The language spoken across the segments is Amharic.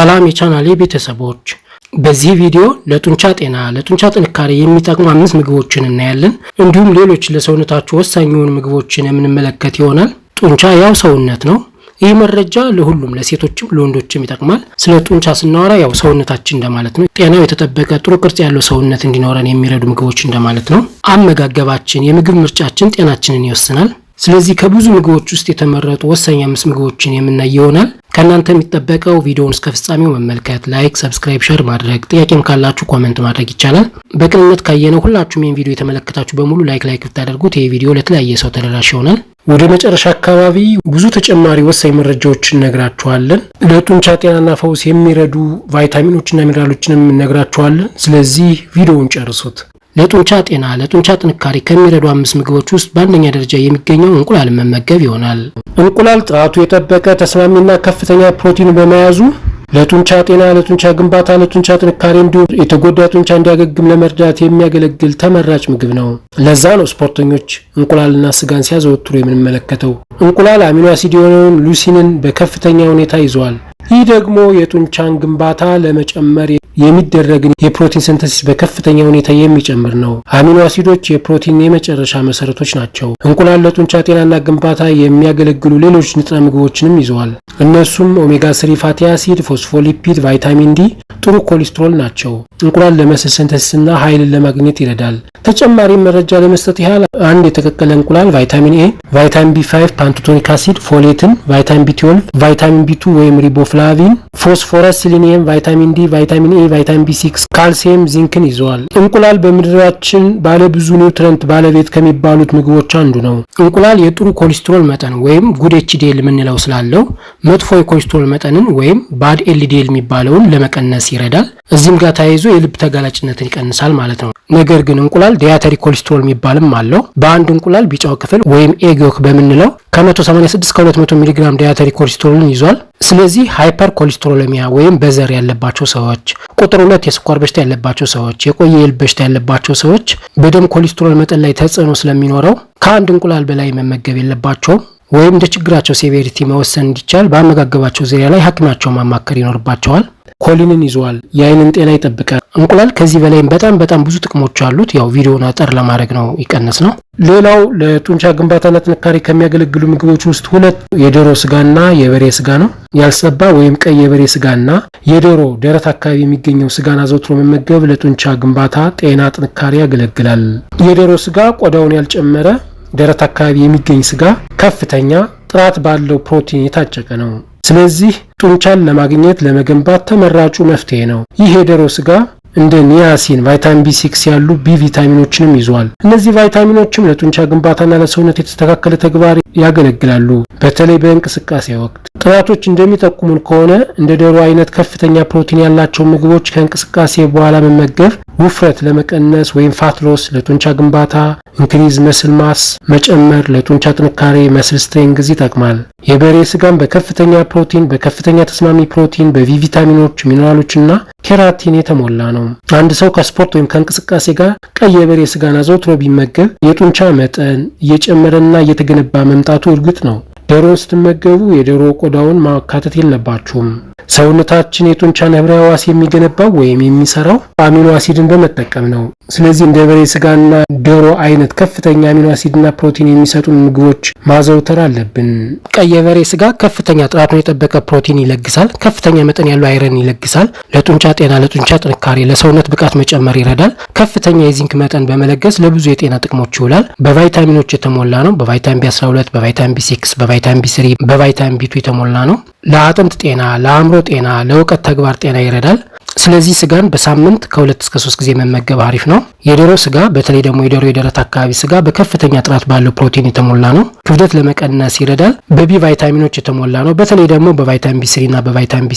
ሰላም የቻናሌ ቤተሰቦች በዚህ ቪዲዮ ለጡንቻ ጤና ለጡንቻ ጥንካሬ የሚጠቅሙ አምስት ምግቦችን እናያለን። እንዲሁም ሌሎች ለሰውነታችሁ ወሳኝ የሆኑ ምግቦችን የምንመለከት ይሆናል። ጡንቻ ያው ሰውነት ነው። ይህ መረጃ ለሁሉም ለሴቶችም ለወንዶችም ይጠቅማል። ስለ ጡንቻ ስናወራ ያው ሰውነታችን እንደማለት ነው። ጤናው የተጠበቀ ጥሩ ቅርጽ ያለው ሰውነት እንዲኖረን የሚረዱ ምግቦች እንደማለት ነው። አመጋገባችን፣ የምግብ ምርጫችን ጤናችንን ይወስናል። ስለዚህ ከብዙ ምግቦች ውስጥ የተመረጡ ወሳኝ አምስት ምግቦችን የምናይ ይሆናል። ከእናንተ የሚጠበቀው ቪዲዮውን እስከ ፍጻሜው መመልከት፣ ላይክ፣ ሰብስክራይብ፣ ሸር ማድረግ፣ ጥያቄም ካላችሁ ኮመንት ማድረግ ይቻላል። በቅንነት ካየነው ሁላችሁም ይህን ቪዲዮ የተመለከታችሁ በሙሉ ላይክ ላይክ ብታደርጉት ይህ ቪዲዮ ለተለያየ ሰው ተደራሽ ይሆናል። ወደ መጨረሻ አካባቢ ብዙ ተጨማሪ ወሳኝ መረጃዎችን እነግራችኋለን። ለጡንቻ ጤናና ፈውስ የሚረዱ ቫይታሚኖችና ሚነራሎችንም እነግራችኋለን። ስለዚህ ቪዲዮውን ጨርሱት። ለጡንቻ ጤና ለጡንቻ ጥንካሬ ከሚረዱ አምስት ምግቦች ውስጥ በአንደኛ ደረጃ የሚገኘው እንቁላል መመገብ ይሆናል። እንቁላል ጥራቱ የጠበቀ ተስማሚና ከፍተኛ ፕሮቲን በመያዙ ለጡንቻ ጤና፣ ለጡንቻ ግንባታ፣ ለጡንቻ ጥንካሬ እንዲሁም የተጎዳ ጡንቻ እንዲያገግም ለመርዳት የሚያገለግል ተመራጭ ምግብ ነው። ለዛ ነው ስፖርተኞች እንቁላልና ስጋን ሲያዘወትሩ የምንመለከተው። እንቁላል አሚኖ አሲድ የሆነውን ሉሲንን በከፍተኛ ሁኔታ ይዟል። ይህ ደግሞ የጡንቻን ግንባታ ለመጨመር የሚደረግን የፕሮቲን ሲንተሲስ በከፍተኛ ሁኔታ የሚጨምር ነው። አሚኖ አሲዶች የፕሮቲን የመጨረሻ መሰረቶች ናቸው። እንቁላል ለጡንቻ ጤናና ግንባታ የሚያገለግሉ ሌሎች ንጥረ ምግቦችንም ይዘዋል። እነሱም ኦሜጋ ስሪ ፋቲ አሲድ፣ ፎስፎሊፒድ፣ ቫይታሚን ዲ፣ ጥሩ ኮሌስትሮል ናቸው። እንቁላል ለመስል ሲንተሲስና ኃይልን ለማግኘት ይረዳል። ተጨማሪ መረጃ ለመስጠት ያህል አንድ የተቀቀለ እንቁላል ቫይታሚን ኤ፣ ቫይታሚን ቢ5፣ ፓንቶቶኒክ አሲድ፣ ፎሌትን፣ ቫይታሚን ቢ12፣ ቫይታሚን ቢ2 ወይም ሪቦፍላቪን፣ ፎስፎረስ፣ ሲሊኒየም፣ ቫይታሚን ዲ፣ ቫይታሚን ኤ ቫይታሚን ቢ6፣ ካልሲየም፣ ዚንክን ይዘዋል። እንቁላል በምድራችን ባለ ብዙ ኒውትረንት ባለቤት ከሚባሉት ምግቦች አንዱ ነው። እንቁላል የጥሩ ኮሌስትሮል መጠን ወይም ጉድ ኤችዲኤል የምንለው ስላለው መጥፎ የኮሌስትሮል መጠንን ወይም ባድ ኤልዲኤል የሚባለውን ለመቀነስ ይረዳል። እዚህም ጋር ተያይዞ የልብ ተጋላጭነትን ይቀንሳል ማለት ነው። ነገር ግን እንቁላል ዲያተሪ ኮሌስትሮል የሚባልም አለው። በአንድ እንቁላል ቢጫው ክፍል ወይም ኤግዮክ በምንለው ከ186 ከ 200 ሚሊግራም ዲያተሪ ኮሌስትሮልን ይዟል። ስለዚህ ሃይፐር ኮሌስትሮለሚያ ወይም በዘር ያለባቸው ሰዎች፣ ቁጥር ሁለት የስኳር በሽታ ያለባቸው ሰዎች፣ የቆየ የልብ በሽታ ያለባቸው ሰዎች በደም ኮሌስትሮል መጠን ላይ ተጽዕኖ ስለሚኖረው ከአንድ እንቁላል በላይ መመገብ የለባቸውም። ወይም እንደ ችግራቸው ሴቬሪቲ መወሰን እንዲቻል በአመጋገባቸው ዙሪያ ላይ ሐኪማቸው ማማከር ይኖርባቸዋል። ኮሊንን ይዘዋል። የአይንን ጤና ይጠብቃል። እንቁላል ከዚህ በላይም በጣም በጣም ብዙ ጥቅሞች አሉት። ያው ቪዲዮን አጠር ለማድረግ ነው ይቀነስ ነው። ሌላው ለጡንቻ ግንባታና ጥንካሬ ከሚያገለግሉ ምግቦች ውስጥ ሁለት የዶሮ ስጋና የበሬ ስጋ ነው። ያልሰባ ወይም ቀይ የበሬ ስጋና የዶሮ ደረት አካባቢ የሚገኘው ስጋን አዘውትሮ መመገብ ለጡንቻ ግንባታ፣ ጤና፣ ጥንካሬ ያገለግላል። የዶሮ ስጋ ቆዳውን ያልጨመረ ደረት አካባቢ የሚገኝ ስጋ ከፍተኛ ጥራት ባለው ፕሮቲን የታጨቀ ነው። ስለዚህ ጡንቻን ለማግኘት ለመገንባት ተመራጩ መፍትሄ ነው። ይህ የዶሮ ስጋ እንደ ኒያሲን፣ ቫይታሚን ቢ6 ያሉ ቢ ቪታሚኖችንም ይዟል። እነዚህ ቫይታሚኖችም ለጡንቻ ግንባታና ለሰውነት የተስተካከለ ተግባር ያገለግላሉ። በተለይ በእንቅስቃሴ ወቅት ጥናቶች እንደሚጠቁሙን ከሆነ እንደ ዶሮ አይነት ከፍተኛ ፕሮቲን ያላቸው ምግቦች ከእንቅስቃሴ በኋላ መመገብ ውፍረት ለመቀነስ ወይም ፋትሎስ ለጡንቻ ግንባታ፣ ኢንክሪዝ መስል ማስ መጨመር ለጡንቻ ጥንካሬ መስል ስትሬንግዝ ይጠቅማል። የበሬ ስጋም በከፍተኛ ፕሮቲን በከፍተኛ ተስማሚ ፕሮቲን በቪ ቪታሚኖች፣ ሚኔራሎችና ኬራቲን የተሞላ ነው። አንድ ሰው ከስፖርት ወይም ከእንቅስቃሴ ጋር ቀይ የበሬ ስጋን አዘውትሮ ቢመገብ የጡንቻ መጠን እየጨመረና እየተገነባ መምጣቱ እርግጥ ነው። ዶሮን ስትመገቡ የዶሮ ቆዳውን ማካተት የለባችሁም። ሰውነታችን የጡንቻን ህብረ ህዋስ የሚገነባው ወይም የሚሰራው አሚኖ አሲድን በመጠቀም ነው። ስለዚህ እንደ በሬ ስጋና ዶሮ አይነት ከፍተኛ አሚኖ አሲድና ፕሮቲን የሚሰጡን ምግቦች ማዘውተር አለብን። ቀይ የበሬ ስጋ ከፍተኛ ጥራቱን የጠበቀ ፕሮቲን ይለግሳል። ከፍተኛ መጠን ያለው አይረን ይለግሳል። ለጡንቻ ጤና፣ ለጡንቻ ጥንካሬ፣ ለሰውነት ብቃት መጨመር ይረዳል። ከፍተኛ የዚንክ መጠን በመለገስ ለብዙ የጤና ጥቅሞች ይውላል። በቫይታሚኖች የተሞላ ነው። በቫይታሚን ቢ12፣ በቫይታሚን ቢ6፣ በቫይታሚን ቢ3፣ በቫይታሚን ቢቱ የተሞላ ነው። ለአጥንት ጤና፣ ለአእምሮ ጤና፣ ለእውቀት ተግባር ጤና ይረዳል። ስለዚህ ስጋን በሳምንት ከሁለት እስከ ሶስት ጊዜ መመገብ አሪፍ ነው። የዶሮ ስጋ በተለይ ደግሞ የዶሮ የደረት አካባቢ ስጋ በከፍተኛ ጥራት ባለው ፕሮቲን የተሞላ ነው። ክብደት ለመቀነስ ይረዳል። በቢ ቫይታሚኖች የተሞላ ነው። በተለይ ደግሞ በቫይታሚን ቢ3 እና በቫይታሚን ቢ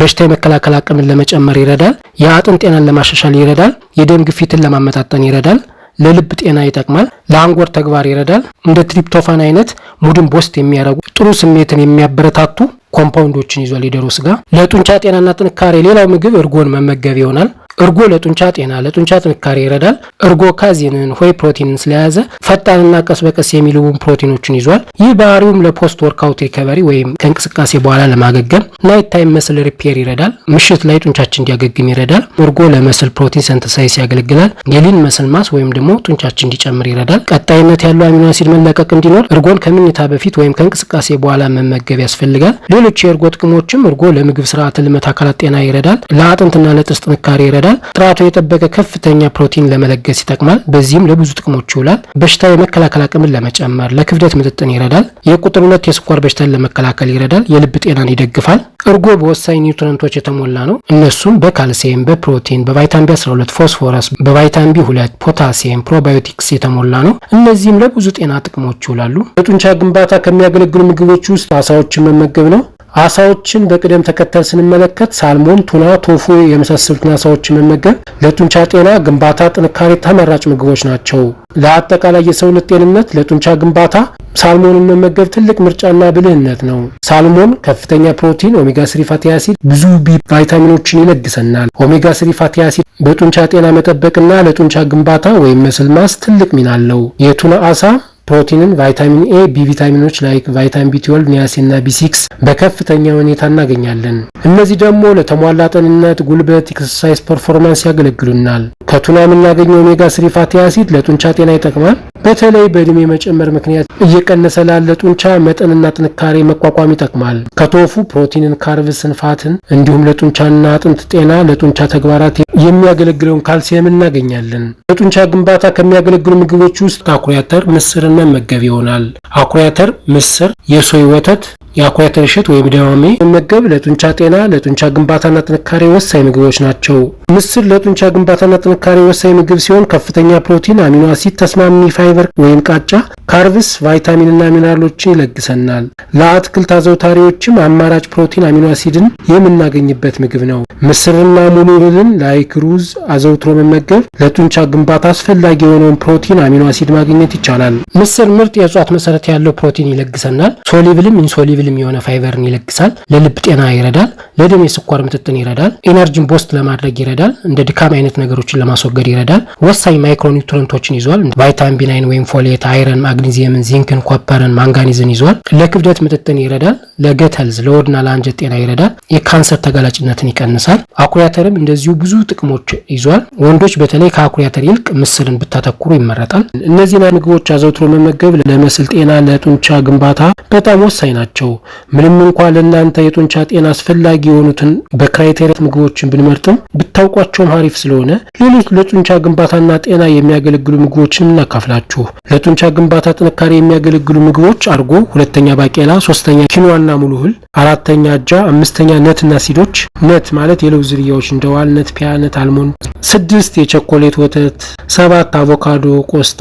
በሽታ የመከላከል አቅምን ለመጨመር ይረዳል። የአጥንት ጤናን ለማሻሻል ይረዳል። የደም ግፊትን ለማመጣጠን ይረዳል። ለልብ ጤና ይጠቅማል፣ ለአንጎር ተግባር ይረዳል። እንደ ትሪፕቶፋን አይነት ሙድን ቦስት የሚያደርጉ ጥሩ ስሜትን የሚያበረታቱ ኮምፓውንዶችን ይዟል የዶሮ ስጋ። ለጡንቻ ጤናና ጥንካሬ ሌላው ምግብ እርጎን መመገብ ይሆናል። እርጎ ለጡንቻ ጤና፣ ለጡንቻ ጥንካሬ ይረዳል። እርጎ ካዚንን፣ ሆይ ፕሮቲንን ስለያዘ ፈጣንና ቀስ በቀስ የሚልውን ፕሮቲኖችን ይዟል። ይህ ባህሪውም ለፖስት ወርካውት ሪከቨሪ ወይም ከእንቅስቃሴ በኋላ ለማገገም፣ ናይት ታይም መስል ሪፔር ይረዳል። ምሽት ላይ ጡንቻችን እንዲያገግም ይረዳል። እርጎ ለመስል ፕሮቲን ሰንተሳይስ ያገለግላል። የሊን መስል ማስ ወይም ደግሞ ጡንቻችን እንዲጨምር ይረዳል። ቀጣይነት ያለው አሚኖ አሲድ መለቀቅ እንዲኖር እርጎን ከምኝታ በፊት ወይም ከእንቅስቃሴ በኋላ መመገብ ያስፈልጋል። ሌሎች የእርጎ ጥቅሞችም እርጎ ለምግብ ስርዓተ ልመት አካላት ጤና ይረዳል። ለአጥንትና ለጥርስ ጥንካሬ ይረዳል። ጥራቱ የጠበቀ ከፍተኛ ፕሮቲን ለመለገስ ይጠቅማል። በዚህም ለብዙ ጥቅሞች ይውላል። በሽታ የመከላከል አቅምን ለመጨመር፣ ለክብደት ምጥጥን ይረዳል። የቁጥር ሁለት የስኳር በሽታን ለመከላከል ይረዳል። የልብ ጤናን ይደግፋል። እርጎ በወሳኝ ኒውትረንቶች የተሞላ ነው። እነሱም በካልሲየም፣ በፕሮቲን፣ በቫይታሚን ቢ12፣ ፎስፎረስ፣ በቫይታሚን ቢ2፣ ፖታሲየም፣ ፕሮባዮቲክስ የተሞላ ነው። እነዚህም ለብዙ ጤና ጥቅሞች ይውላሉ። ለጡንቻ ግንባታ ከሚያገለግሉ ምግቦች ውስጥ አሳዎችን መመገብ ነው። አሳዎችን በቅደም ተከተል ስንመለከት ሳልሞን፣ ቱና፣ ቶፉ የመሳሰሉትን አሳዎችን መመገብ ለጡንቻ ጤና ግንባታ ጥንካሬ ተመራጭ ምግቦች ናቸው። ለአጠቃላይ የሰውነት ጤንነት ለጡንቻ ግንባታ ሳልሞንን መመገብ ትልቅ ምርጫና ብልህነት ነው። ሳልሞን ከፍተኛ ፕሮቲን፣ ኦሜጋ ስሪ ፋቲ አሲድ፣ ብዙ ቢ ቫይታሚኖችን ይለግሰናል። ኦሜጋ ስሪ ፋቲ አሲድ በጡንቻ ጤና መጠበቅና ለጡንቻ ግንባታ ወይም መስል ማስ ትልቅ ሚና አለው። የቱና አሳ ፕሮቲንን፣ ቫይታሚን ኤ፣ ቢ ቪታሚኖች ላይክ ቫይታሚን ቢ12፣ ኒያሲን ቢ ሲክስ በከፍተኛ ሁኔታ እናገኛለን። እነዚህ ደግሞ ለተሟላ ጤንነት፣ ጉልበት፣ ኤክሰርሳይዝ ፐርፎርማንስ ያገለግሉናል። ከቱና የምናገኘው ኦሜጋ ስሪ ፋቲ አሲድ ለጡንቻ ጤና ይጠቅማል። በተለይ በእድሜ መጨመር ምክንያት እየቀነሰ ላለ ጡንቻ መጠንና ጥንካሬ መቋቋም ይጠቅማል። ከቶፉ ፕሮቲንን፣ ካርብስን፣ ፋትን እንዲሁም ለጡንቻና አጥንት ጤና ለጡንቻ ተግባራት የሚያገለግለውን ካልሲየም እናገኛለን። ለጡንቻ ግንባታ ከሚያገለግሉ ምግቦች ውስጥ አኩሪ አተር ምስርን መመገብ ይሆናል። አኩሪ አተር ምስር፣ የሶይ ወተት የአኩሪ አተር እሸት ወይም ደማሜ መመገብ ለጡንቻ ጤና ለጡንቻ ግንባታና ጥንካሬ ወሳኝ ምግቦች ናቸው። ምስር ለጡንቻ ግንባታና ጥንካሬ ወሳኝ ምግብ ሲሆን ከፍተኛ ፕሮቲን፣ አሚኖ አሲድ፣ ተስማሚ ፋይበር ወይም ቃጫ፣ ካርብስ፣ ቫይታሚንና ሚነራሎችን ይለግሰናል። ለአትክልት አዘውታሪዎችም አማራጭ ፕሮቲን፣ አሚኖ አሲድን የምናገኝበት ምግብ ነው። ምስርና ሙሉ እህልን ላይክሩዝ አዘውትሮ መመገብ ለጡንቻ ግንባታ አስፈላጊ የሆነውን ፕሮቲን፣ አሚኖ አሲድ ማግኘት ይቻላል። ምስር ምርጥ የእጽዋት መሰረት ያለው ፕሮቲን ይለግሰናል። ሶሊብልም ኢንሶሊብልም የሆነ ፋይበርን ይለግሳል። ለልብ ጤና ይረዳል። ለደም የስኳር ምጥጥን ይረዳል። ኢነርጂን ቦስት ለማድረግ ይረዳል። ይረዳል። እንደ ድካም አይነት ነገሮችን ለማስወገድ ይረዳል። ወሳኝ ማይክሮኒውትረንቶችን ይዟል። ቫይታሚን ቢናይን ወይም ፎሌት፣ አይረን፣ ማግኒዚየምን፣ ዚንክን፣ ኮፐርን፣ ማንጋኒዝን ይዟል። ለክብደት ምጥጥን ይረዳል። ለገት ሄልዝ ለወድና ለአንጀት ጤና ይረዳል። የካንሰር ተጋላጭነትን ይቀንሳል። አኩሪ አተርም እንደዚሁ ብዙ ጥቅሞች ይዟል። ወንዶች በተለይ ከአኩሪ አተር ይልቅ ምስርን ብታተኩሩ ይመረጣል። እነዚህን ምግቦች አዘውትሮ መመገብ ለመስል ጤና፣ ለጡንቻ ግንባታ በጣም ወሳኝ ናቸው። ምንም እንኳ ለእናንተ የጡንቻ ጤና አስፈላጊ የሆኑትን በክራይቴሪያት ምግቦችን ብንመርጥም ብታው ቋንቋቸውም አሪፍ ስለሆነ ሌሎች ለጡንቻ ግንባታና ጤና የሚያገለግሉ ምግቦችን እናካፍላችሁ። ለጡንቻ ግንባታ ጥንካሬ የሚያገለግሉ ምግቦች አርጎ፣ ሁለተኛ ባቄላ፣ ሶስተኛ ኪኖዋና ሙሉ እህል፣ አራተኛ አጃ፣ አምስተኛ ነትና ሲዶች። ነት ማለት የለውዝ ዝርያዎች እንደ ዋልነት፣ ፒያነት፣ አልሞን ስድስት የቸኮሌት ወተት፣ ሰባት አቮካዶ፣ ቆስጣ፣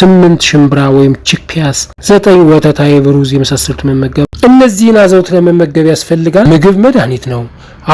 ስምንት ሽምብራ ወይም ቺክፒያስ፣ ዘጠኝ ወተት አይብ፣ ሩዝ የመሳሰሉት መመገብ እነዚህን አዘውትረን መመገብ ያስፈልጋል። ምግብ መድኃኒት ነው።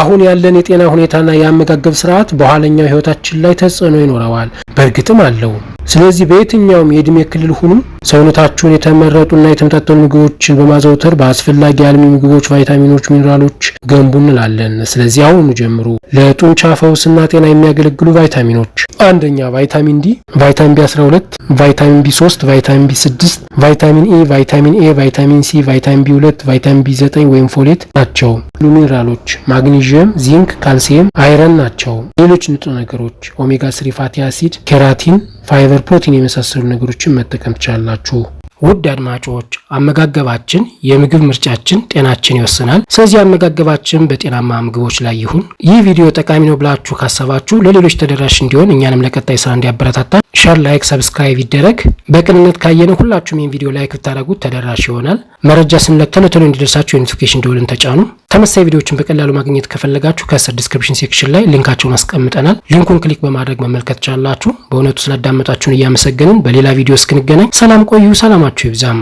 አሁን ያለን የጤና ሁኔታና የአመጋገብ ስርዓት በኋለኛው ህይወታችን ላይ ተጽዕኖ ይኖረዋል። በእርግጥም አለው። ስለዚህ በየትኛውም የእድሜ ክልል ሁኑ ሰውነታችሁን የተመረጡና የተመጣጠኑ ምግቦችን በማዘውተር በአስፈላጊ አልሚ ምግቦች፣ ቫይታሚኖች፣ ሚኔራሎች ገንቡ እንላለን። ስለዚህ አሁኑ ጀምሩ። ለጡንቻ ፈውስና ጤና የሚያገለግሉ ቫይታሚኖች አንደኛ ቫይታሚን ዲ፣ ቫይታሚን ቢ12፣ ቫይታሚን ቢ3፣ ቫይታሚን ቢ6፣ ቫይታሚን ኤ፣ ቫይታሚን ኤ፣ ቫይታሚን ሲ፣ ቫይታሚን ቢ2፣ ቫይታሚን ቢ9 ወይም ፎሌት ናቸው። ሚኔራሎች ማግኒዥየም፣ ዚንክ፣ ካልሲየም፣ አይረን ናቸው። ሌሎች ንጥረ ነገሮች ኦሜጋ ስሪ ፋቲ አሲድ፣ ኬራቲን ፋይበር፣ ፕሮቲን የመሳሰሉ ነገሮችን መጠቀም ትችላላችሁ። ውድ አድማጮች አመጋገባችን የምግብ ምርጫችን ጤናችን ይወስናል። ስለዚህ አመጋገባችን በጤናማ ምግቦች ላይ ይሁን። ይህ ቪዲዮ ጠቃሚ ነው ብላችሁ ካሰባችሁ ለሌሎች ተደራሽ እንዲሆን እኛንም ለቀጣይ ስራ እንዲያበረታታል ሸር፣ ላይክ፣ ሰብስክራይብ ይደረግ። በቅንነት ካየነ ሁላችሁም ይህን ቪዲዮ ላይክ ብታደረጉት ተደራሽ ይሆናል። መረጃ ስንለቅ ቶሎ እንዲደርሳችሁ የኖቲፊኬሽን ደወልን ተጫኑ። ተመሳሳይ ቪዲዮዎችን በቀላሉ ማግኘት ከፈለጋችሁ ከስር ዲስክሪፕሽን ሴክሽን ላይ ሊንካቸውን አስቀምጠናል። ሊንኩን ክሊክ በማድረግ መመልከት ቻላችሁ። በእውነቱ ስላዳመጣችሁን እያመሰገንን በሌላ ቪዲዮ እስክንገናኝ ሰላም ቆዩ። ሰላማችሁ ይብዛም።